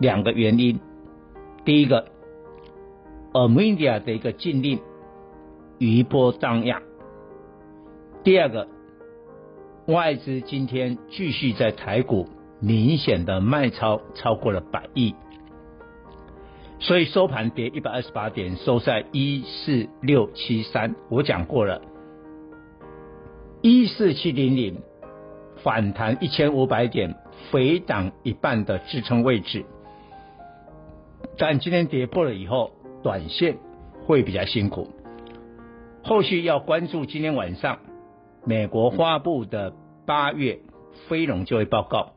兩個原因，第一個，阿米尼亞的一個禁令餘波蕩漾；第二個，外資今天繼續在台股明顯的賣超超過了百億，所以收盤跌一百二十八點，收在一四六七三。我講過了，一四七零零反彈一千五百點，回檔一半的支撐位置。但今天跌破了以後，短線會比較辛苦。後續要關注今天晚上美國發布的八月非農就業報告。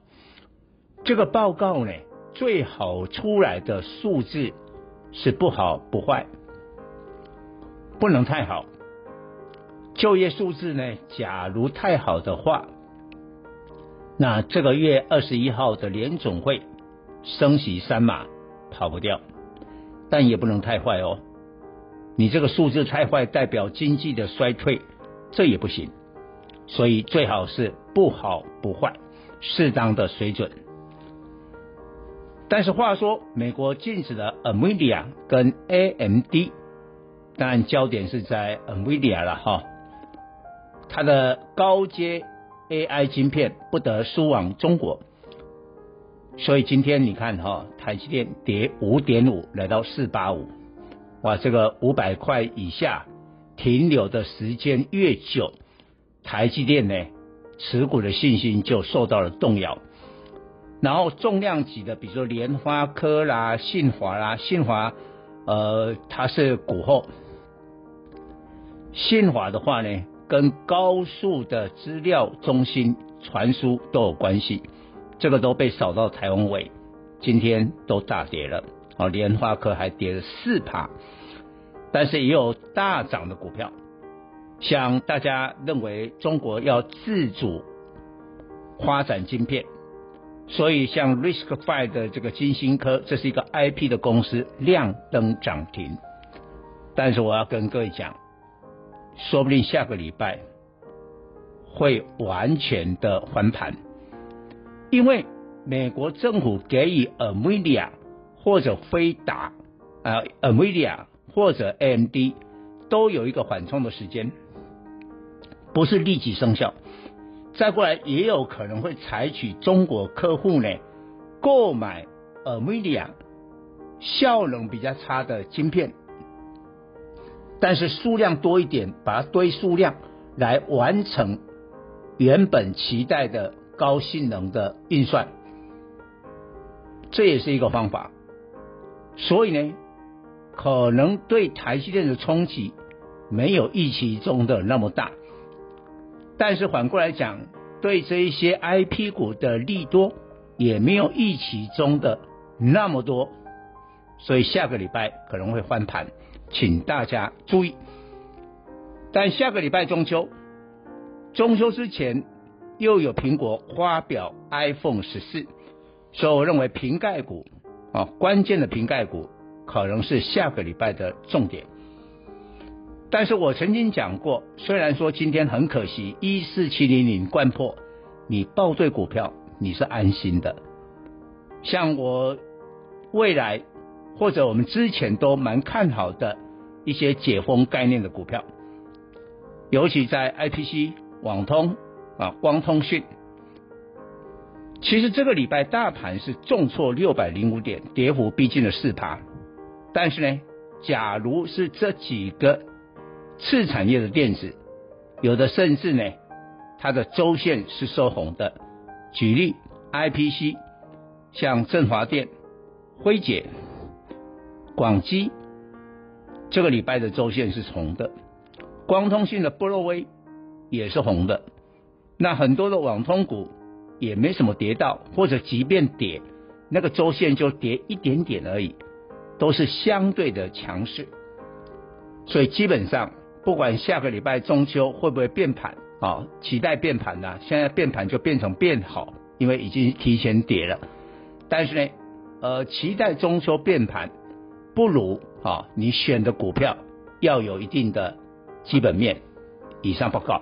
這個報告呢，最好出來的數字是不好不壞，不能太好。就業數字呢，假如太好的話，那這個月二十一號的聯總會升息三碼。跑不掉，但也不能太壞哦。你這個數字太壞，代表經濟的衰退，這也不行。所以最好是不好不壞，適當的水準。但是話說，美國禁止了 NVIDIA 跟 AMD，但焦點是在 NVIDIA 了哈。它的高階 AI 晶片不得輸往中國。所以今天你看哈、哦，台積電跌五點五，來到四八五，哇，這個五百塊以下停留的時間越久，台積電呢持股的信心就受到了動搖。然後重量級的，比如說聯發科啦、信驊啦、信驊，呃，它是股後。信驊的話呢，跟高速的資料中心傳輸都有關係。這個都被掃到台灣尾，今天都大跌了。哦，聯發科還跌了四趴，但是也有大漲的股票，像大家認為中國要自主發展晶片，所以像 RISC-V 的這個晶心科，這是一個 IP 的公司，亮燈漲停。但是我要跟各位講，說不定下個禮拜會完全的翻盤。因為美國政府給予 a r 利亞或者飛達啊、呃、a r 利亞或者 AMD 都有一個緩衝的時間，不是立即生效。再過來也有可能會採取中國客戶呢購買 a r 利亞效能比較差的晶片，但是數量多一點，把它堆數量來完成原本期待的，高性能的運算，這也是一個方法。所以呢，可能對台積電的衝擊沒有預期中的那麼大，但是反過來講，對這一些 IP 股的利多也沒有預期中的那麼多，所以下個禮拜可能會翻盤，請大家注意。但下個禮拜中秋，中秋之前。又有蘋果發表 iPhone 十四，所以我認為蘋概股啊，關鍵的蘋概股可能是下個禮拜的重點。但是我曾經講過，雖然說今天很可惜，一四七零零摜破，你抱對股票你是安心的。像我未來或者我們之前都蠻看好的一些解封概念的股票，尤其在 IPC 網通。啊，光通訊，其實這個禮拜大盤是重挫六百零五點，跌幅逼近了四趴。但是呢，假如是這幾個次產業的電子，有的甚至呢，它的週線是收紅的。舉例，IPC，像振樺電、輝捷、廣積，這個禮拜的週線是紅的。光通訊的波若威也是紅的。那很多的網通股也沒什麼跌到，或者即便跌，那個週線就跌一點點而已，都是相對的強勢。所以基本上，不管下個禮拜中秋會不會變盤啊，期待變盤呢、啊、現在變盤就變成變好，因為已經提前跌了。但是呢，呃，期待中秋變盤，不如啊、哦，你選的股票要有一定的基本面。以上報告。